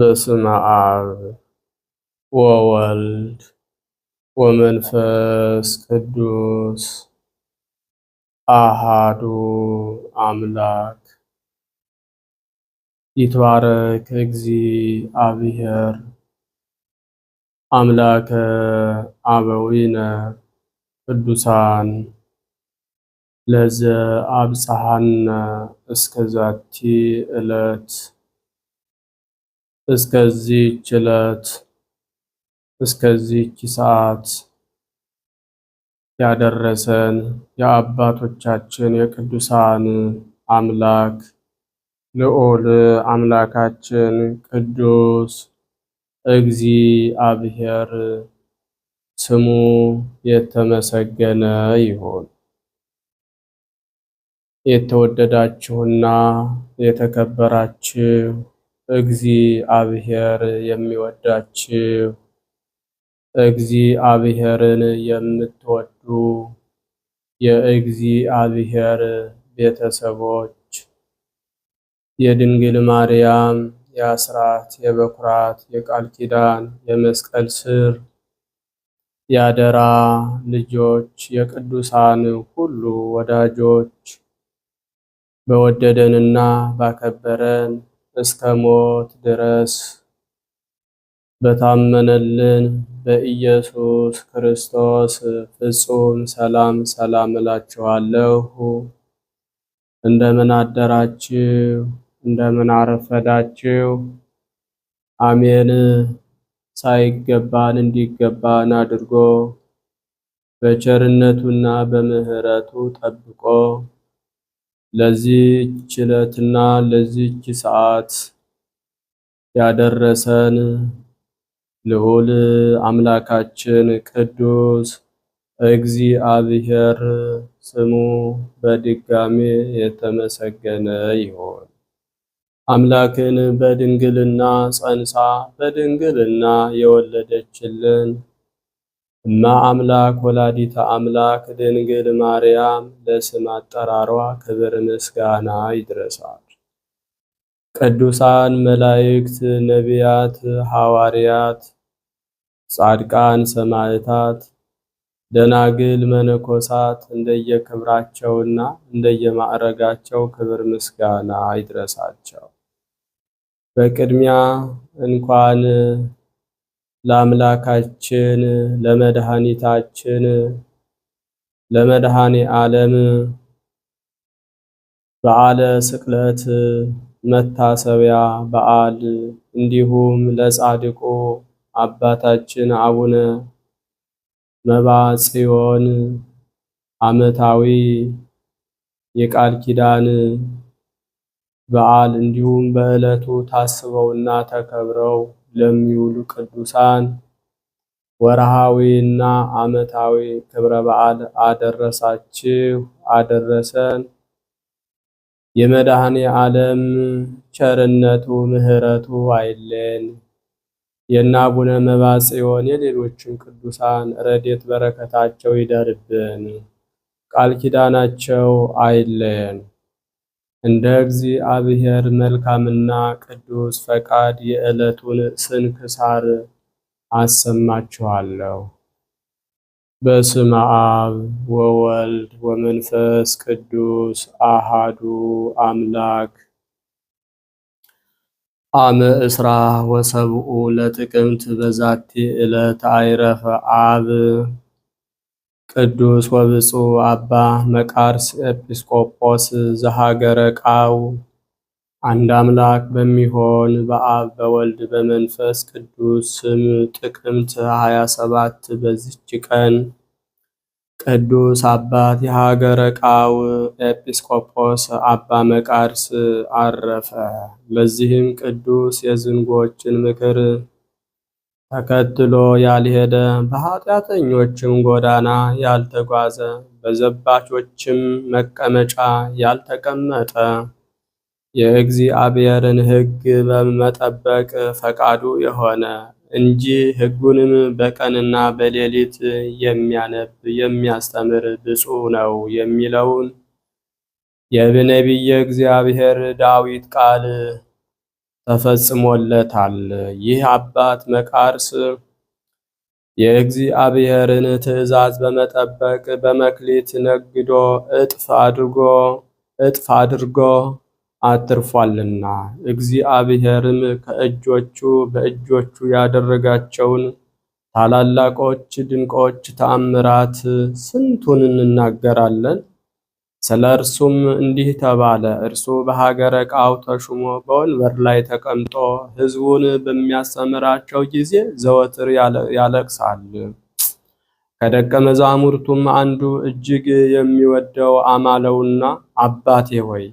በስመ አብ ወወልድ ወመንፈስ ቅዱስ አሃዱ አምላክ ይትባረክ እግዚአብሔር አምላከ አበዊነ ቅዱሳን ለዘ አብጽሐነ እስከዛቲ ዕለት እስከዚህች ዕለት እስከዚህች ሰዓት ያደረሰን የአባቶቻችን የቅዱሳን አምላክ ልዑል አምላካችን ቅዱስ እግዚአብሔር ስሙ የተመሰገነ ይሁን። የተወደዳችሁና የተከበራችሁ እግዚአብሔር የሚወዳችሁ እግዚአብሔርን የምትወዱ የእግዚአብሔር ቤተሰቦች የድንግል ማርያም የአስራት የበኩራት የቃል ኪዳን የመስቀል ስር የአደራ ልጆች የቅዱሳን ሁሉ ወዳጆች በወደደንና ባከበረን እስከ ሞት ድረስ በታመነልን በኢየሱስ ክርስቶስ ፍጹም ሰላም ሰላም እላችኋለሁ። እንደምን አደራችሁ? እንደምን አረፈዳችሁ? አሜን። ሳይገባን እንዲገባን አድርጎ በቸርነቱና በምሕረቱ ጠብቆ ለዚህች ዕለትና ለዚህች ሰዓት ያደረሰን ልዑል አምላካችን ቅዱስ እግዚአብሔር ስሙ በድጋሜ የተመሰገነ ይሁን። አምላክን በድንግልና ጸንሳ በድንግልና የወለደችልን እማ አምላክ ወላዲተ አምላክ ድንግል ማርያም ለስም አጠራሯ ክብር ምስጋና ይድረሳል። ቅዱሳን መላእክት፣ ነቢያት፣ ሐዋርያት፣ ጻድቃን፣ ሰማዕታት፣ ደናግል፣ መነኮሳት እንደየክብራቸውና እንደየማዕረጋቸው ክብር ምስጋና ይድረሳቸው። በቅድሚያ እንኳን ለአምላካችን ለመድኃኒታችን ለመድኃኔ ዓለም በዓለ ስቅለት መታሰቢያ በዓል እንዲሁም ለጻድቁ አባታችን አቡነ መብዓ ጽዮን ዓመታዊ የቃል ኪዳን በዓል እንዲሁም በዕለቱ ታስበውና ተከብረው ለሚውሉ ቅዱሳን ወርሃዊና ዓመታዊ ክብረ በዓል አደረሳችሁ አደረሰን። የመድኃኔ ዓለም ቸርነቱ ምሕረቱ አይለን። የአቡነ መብዓ ጽዮን የሌሎችን ቅዱሳን ረድኤት በረከታቸው ይደርብን፣ ቃል ኪዳናቸው አይለን። እንደ እግዚአብሔር መልካምና ቅዱስ ፈቃድ የዕለቱን ስንክሳር አሰማችኋለሁ። በስመ አብ ወወልድ ወመንፈስ ቅዱስ አሃዱ አምላክ። አመ እስራ ወሰብኡ ለጥቅምት በዛቲ ዕለት አይረፈ አብ ቅዱስ ወብፁ አባ መቃርስ ኤጲስቆጶስ ዘሀገረ ቃው። አንድ አምላክ በሚሆን በአብ በወልድ በመንፈስ ቅዱስ ስም ጥቅምት 27 በዚች ቀን ቅዱስ አባት የሀገረ ቃው ኤጲስቆጶስ አባ መቃርስ አረፈ። ለዚህም ቅዱስ የዝንጎችን ምክር ተከትሎ ያልሄደ በኃጢአተኞችም ጎዳና ያልተጓዘ በዘባቾችም መቀመጫ ያልተቀመጠ የእግዚአብሔርን ሕግ በመጠበቅ ፈቃዱ የሆነ እንጂ ሕጉንም በቀንና በሌሊት የሚያነብ የሚያስተምር ብፁዕ ነው የሚለውን የነቢየ እግዚአብሔር ዳዊት ቃል ተፈጽሞለታል። ይህ አባት መቃርስ የእግዚአብሔርን ትእዛዝ በመጠበቅ በመክሊት ነግዶ እጥፍ አድርጎ እጥፍ አድርጎ አትርፏልና እግዚአብሔርም ከእጆቹ በእጆቹ ያደረጋቸውን ታላላቆች ድንቆች ተአምራት ስንቱን እንናገራለን። ስለ እርሱም እንዲህ ተባለ። እርሱ በሀገረ ቃው ተሹሞ በወንበር ላይ ተቀምጦ ሕዝቡን በሚያስተምራቸው ጊዜ ዘወትር ያለቅሳል። ከደቀ መዛሙርቱም አንዱ እጅግ የሚወደው አማለውና አባቴ ሆይ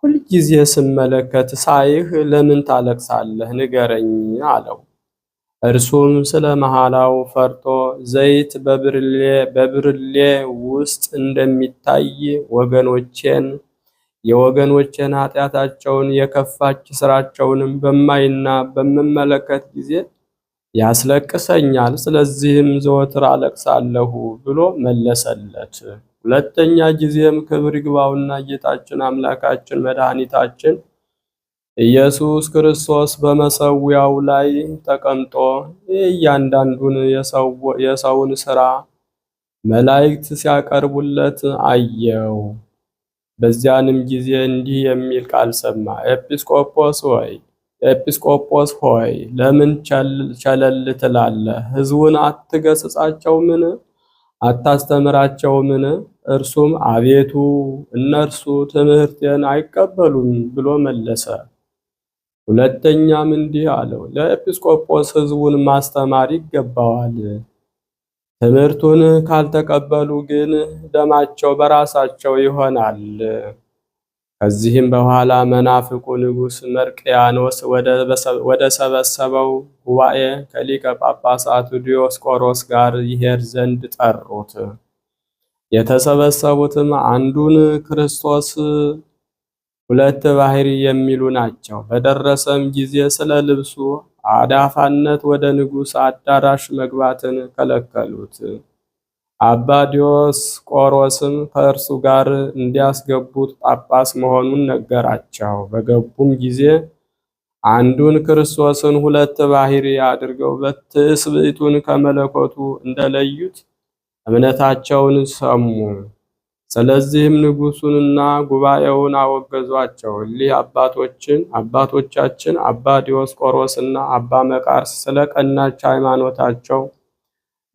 ሁልጊዜ ስመለከት ሳይህ ለምን ታለቅሳለህ? ንገረኝ አለው። እርሱም ስለ መሐላው ፈርቶ ዘይት በብርሌ ውስጥ እንደሚታይ ወገኖቼን የወገኖቼን ኃጢአታቸውን የከፋች ስራቸውንም በማይና በምመለከት ጊዜ ያስለቅሰኛል፣ ስለዚህም ዘወትር አለቅሳለሁ ብሎ መለሰለት። ሁለተኛ ጊዜም ክብር ይግባውና ጌታችን አምላካችን መድኃኒታችን ኢየሱስ ክርስቶስ በመሰዊያው ላይ ተቀምጦ እያንዳንዱን የሰውን ሥራ መላእክት ሲያቀርቡለት አየው። በዚያንም ጊዜ እንዲህ የሚል ቃል ሰማ። ኤጲስቆጶስ ሆይ ኤጲስቆጶስ ሆይ ለምን ቸለል ትላለህ? ሕዝቡን አትገስጻቸውምን? አታስተምራቸውምን? እርሱም አቤቱ እነርሱ ትምህርቴን አይቀበሉም ብሎ መለሰ። ሁለተኛም እንዲህ አለው፣ ለኤጲስቆጶስ ሕዝቡን ማስተማር ይገባዋል። ትምህርቱን ካልተቀበሉ ግን ደማቸው በራሳቸው ይሆናል። ከዚህም በኋላ መናፍቁ ንጉሥ መርቅያኖስ ወደ ሰበሰበው ጉባኤ ከሊቀ ጳጳሳቱ ዲዮስቆሮስ ጋር ይሄድ ዘንድ ጠሩት። የተሰበሰቡትም አንዱን ክርስቶስ ሁለት ባህሪ የሚሉ ናቸው። በደረሰም ጊዜ ስለ ልብሱ አዳፋነት ወደ ንጉሥ አዳራሽ መግባትን ከለከሉት። አባ ዲዮስቆሮስም ከእርሱ ጋር እንዲያስገቡት ጳጳስ መሆኑን ነገራቸው። በገቡም ጊዜ አንዱን ክርስቶስን ሁለት ባህሪ አድርገው ትስብእቱን ከመለኮቱ እንደለዩት እምነታቸውን ሰሙ። ስለዚህም ንጉሱንና ጉባኤውን አወገዟቸው። እሊህ አባቶችን አባቶቻችን አባ ዲዮስቆሮስና አባ መቃርስ ስለ ቀናች ሃይማኖታቸው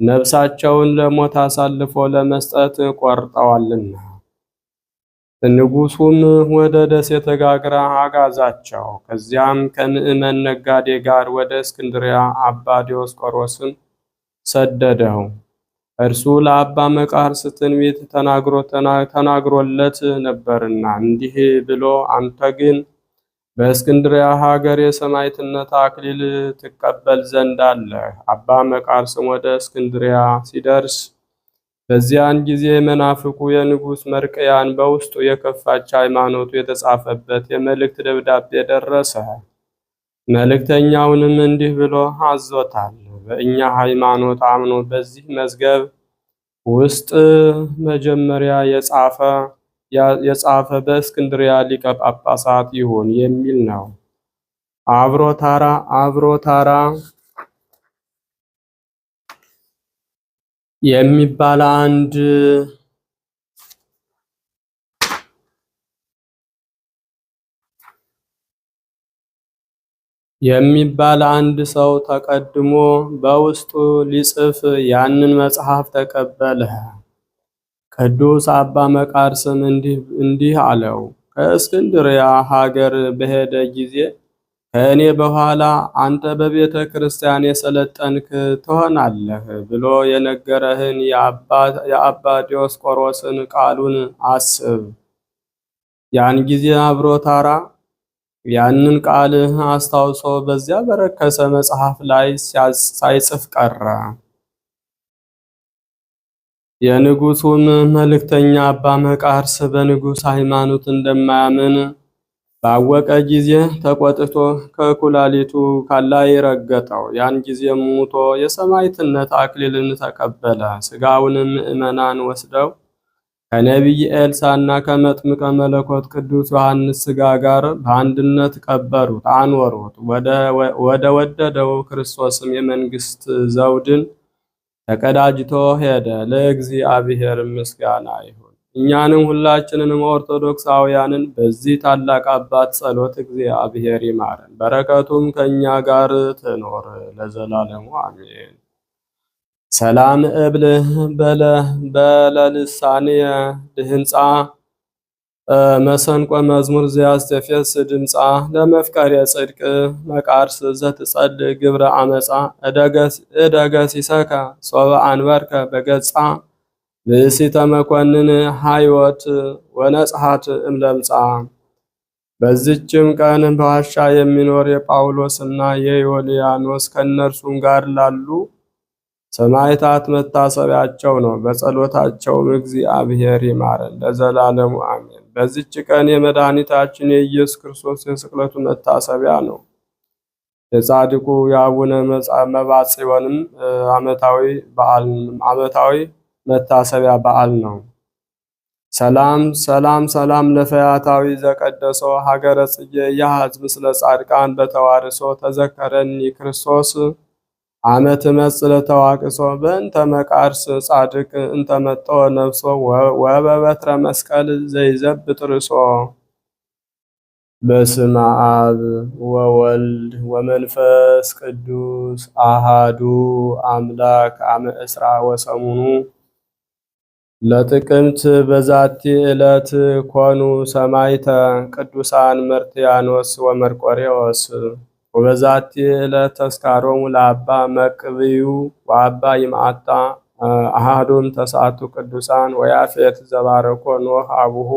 ነፍሳቸውን ለሞት አሳልፎ ለመስጠት ቆርጠዋልና። ንጉሱም ወደ ደሴተ ጋግራ አጋዛቸው። ከዚያም ከምዕመን ነጋዴ ጋር ወደ እስክንድሪያ አባ ዲዮስቆሮስን ሰደደው። እርሱ ለአባ መቃርስ ትንቢት ተናግሮለት ነበርና እንዲህ ብሎ አንተ ግን በእስክንድሪያ ሀገር የሰማዕትነት አክሊል ትቀበል ዘንድ አለ። አባ መቃርስም ወደ እስክንድሪያ ሲደርስ በዚያን ጊዜ መናፍቁ የንጉሥ መርቅያን በውስጡ የከፋች ሃይማኖቱ የተጻፈበት የመልእክት ደብዳቤ ደረሰ። መልእክተኛውንም እንዲህ ብሎ አዞታል። በእኛ ሃይማኖት አምኖ በዚህ መዝገብ ውስጥ መጀመሪያ የጻፈ የጻፈ በእስክንድሪያ ሊቀ ጳጳሳት ይሁን የሚል ነው። አብሮ ታራ አብሮ ታራ የሚባል አንድ የሚባል አንድ ሰው ተቀድሞ በውስጡ ሊጽፍ ያንን መጽሐፍ ተቀበለ። ቅዱስ አባ መቃርስም እንዲህ አለው፣ ከእስክንድርያ ሀገር በሄደ ጊዜ ከእኔ በኋላ አንተ በቤተ ክርስቲያን የሰለጠንክ ትሆናለህ ብሎ የነገረህን የአባ ዲዮስቆሮስን ቃሉን አስብ። ያን ጊዜ አብሮ ታራ ያንን ቃል አስታውሶ በዚያ በረከሰ መጽሐፍ ላይ ሳይጽፍ ቀረ። የንጉሱም መልእክተኛ አባ መቃርስ በንጉሥ ሃይማኖት እንደማያምን ባወቀ ጊዜ ተቆጥቶ ከኩላሊቱ ካላይ ረገጠው። ያን ጊዜ ሙቶ የሰማዕትነት አክሊልን ተቀበለ። ስጋውንም ምዕመናን ወስደው ከነቢይ ኤልሳና ከመጥምቀ መለኮት ቅዱስ ዮሐንስ ሥጋ ጋር በአንድነት ቀበሩት፣ አኖሩት። ወደ ወደደው ክርስቶስም የመንግስት ዘውድን ተቀዳጅቶ ሄደ። ለእግዚአብሔር ምስጋና ይሁን። እኛንም ሁላችንንም ኦርቶዶክሳውያንን በዚህ ታላቅ አባት ጸሎት እግዚአብሔር ይማረን፣ በረከቱም ከእኛ ጋር ትኖር ለዘላለሙ አሜን። ሰላም እብል በለ በለልሳንየ ድህንፃ መሰንቆ መዝሙር ዘያስተፌስ ድምፃ ለመፍቀር ጽድቅ መቃርስ ዘትጸድቅ ግብረ አመፃ እደገሲሰከ ሶበ አንበርከ በገጻ ብእሲተ መኮንን ሃይወት ወነጽሐት እምለምፃ በዚችም ቀን በዋሻ የሚኖር የጳውሎስና የዮልያኖስ ከእነርሱም ጋር ላሉ ሰማዕታት መታሰቢያቸው ነው። በጸሎታቸውም እግዚአብሔር ይማረን ለዘላለሙ አሜን። በዚች ቀን የመድኃኒታችን የኢየሱስ ክርስቶስ የስቅለቱ መታሰቢያ ነው። የጻድቁ የአቡነ መባ ጽዮንም ዓመታዊ መታሰቢያ በዓል ነው። ሰላም ሰላም ሰላም ለፈያታዊ ዘቀደሶ ሀገረ ጽጌ ያህዝብ ስለ ጻድቃን በተዋርሶ ተዘከረኒ ክርስቶስ አመት መጽለ ተዋቅሶ በእንተ መቃርስ ጻድቅ እንተ ነፍሶ ወበበትረ መስቀል ዘይዘብ ጥርሶ። በስመ አብ ወወልድ ወመንፈስ ቅዱስ አሃዱ አምላክ አመ እስራ ወሰሙኑ ለጥቅምት በዛቲ ዕለት ኮኑ ሰማይተ ቅዱሳን መርትያኖስ ወመርቆሬዎስ ወበዛቲ ዕለት ተስካሮሙ ለአባ መቅብዩ ወአባ ይማታ አሃዱም ተሳቱ ቅዱሳን ወያፌት ዘባረኮ ኖህ አቡሁ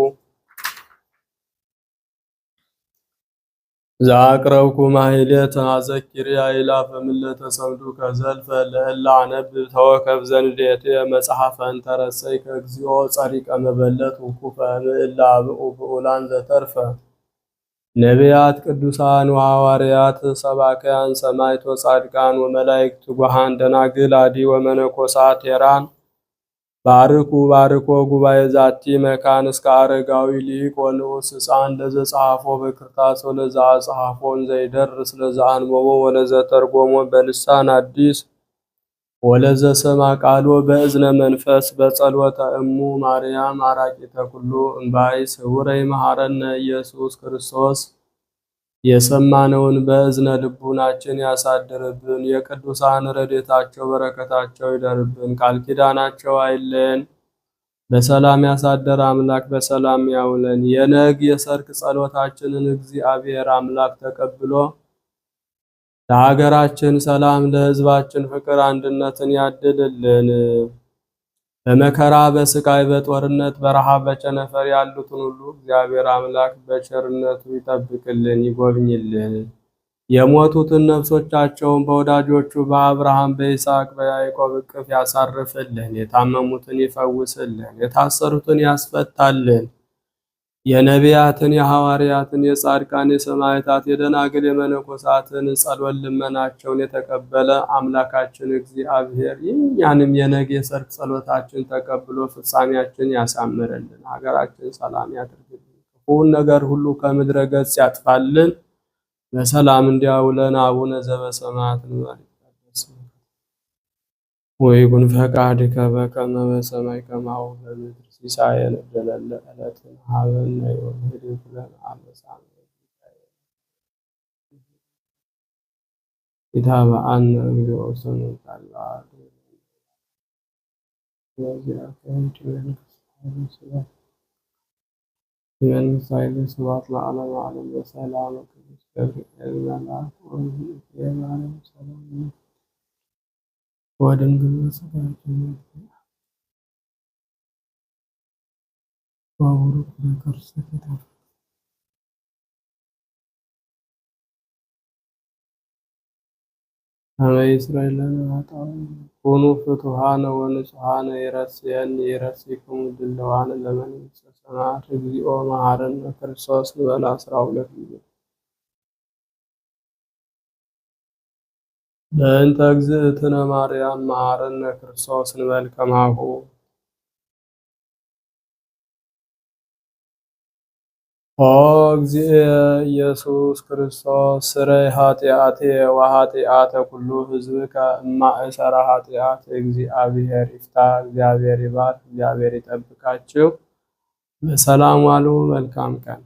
ዘአቅረብኩ ማሕሌተ አዘኪርያ ኢላፈ ምለተ ሰምዱ ከዘልፈ ለእለ አነብብ ተወከፍ ዘንዴቴ መጽሐፈ እንተረሰይ ከግዚኦ ጸሪቀ መበለት ውኩፈ ምእላ ብኡ ብኡላን ዘተርፈ ነቢያት፣ ቅዱሳን ወሐዋርያት፣ ሰባክያን፣ ሰማይቶ፣ ጻድቃን ወመላእክት፣ ጉሃን፣ ደናግል፣ አዲ ወመነኮሳት ቴራን ባርኩ ባርኮ ጉባኤ ዛቲ መካን እስከ አረጋዊ ሊቅ ወንዑስ ሕፃን ለዘጸሐፎ በክርታሶ ለዘአጸሐፎን ዘይደርስ ወለዘ ወለዘተርጎሞ በልሳን አዲስ ወለዘ ሰማ ቃሎ በእዝነ መንፈስ በጸሎተ እሙ ማርያም አራቂ ኩሉ እምባይ ስውረይ መሐረነ ኢየሱስ ክርስቶስ የሰማነውን በእዝነ ልቡናችን ያሳድርብን። የቅዱሳን ረዴታቸው በረከታቸው ይደርብን። ቃል ኪዳናቸው አይለን። በሰላም ያሳደር አምላክ በሰላም ያውለን። የነግ የሰርክ ጸሎታችንን እግዚአብሔር አምላክ ተቀብሎ ለሀገራችን ሰላም ለሕዝባችን ፍቅር አንድነትን ያድልልን። በመከራ በስቃይ በጦርነት በረሃብ በቸነፈር ያሉትን ሁሉ እግዚአብሔር አምላክ በቸርነቱ ይጠብቅልን፣ ይጎብኝልን። የሞቱትን ነፍሶቻቸውን በወዳጆቹ በአብርሃም በይስሐቅ በያዕቆብ እቅፍ ያሳርፍልን። የታመሙትን ይፈውስልን፣ የታሰሩትን ያስፈታልን የነቢያትን የሐዋርያትን የጻድቃን የሰማዕታት የደናግል የመነኮሳትን ጸሎት ልመናቸውን የተቀበለ አምላካችን እግዚአብሔር የእኛንም የነገ የሰርክ ጸሎታችን ተቀብሎ ፍጻሜያችን ያሳምርልን። ሀገራችን ሰላም ያድርግልን። ክፉውን ነገር ሁሉ ከምድረ ገጽ ያጥፋልን። በሰላም እንዲያውለን። አቡነ ዘበሰማያት ይትቀደስ ወይ ኩን ፈቃድከ በከመ በሰማይ ከማሁ በምድር ሲሳየን ገለለ ዕለትን ሀበነ የወልድ ብለን አመሳን ጌታ በአነ እግዚኦ ስንቃል በአዱ የመንግስት ኃይል ስብሐት ለዓለመ ዓለም በሰላም ቅዱስ ገብርኤል መልአክ ወድንግል ሰላም ወድንግል ባቡሩ ነገር ውስጥ ተገጣጠመ። አመእስራኤላነ ኃጣውእ ኮኑ ፍቱሐነ ወንጹሐነ ይረስየኒ ያን ድለዋነ ለመንግሥተ ሰማያት እግዚኦ መሐረነ ክርስቶስ እንበለ አስራ ሁለት ጊዜ በእንተ እግዝእትነ ማርያም መሐረነ ክርስቶስ እንበል ከማሁ ኦ እግዚእ ኢየሱስ ክርስቶስ ስረይ ኃጢአቴ ወኃጢአተ ኩሉ ህዝብ ከማእሰራ ኃጢአት እግዚአብሔር ይፍታ። እግዚአብሔር ይባር እግዚአብሔር ይጠብቃችሁ። በሰላም ዋሉ። መልካም ቀን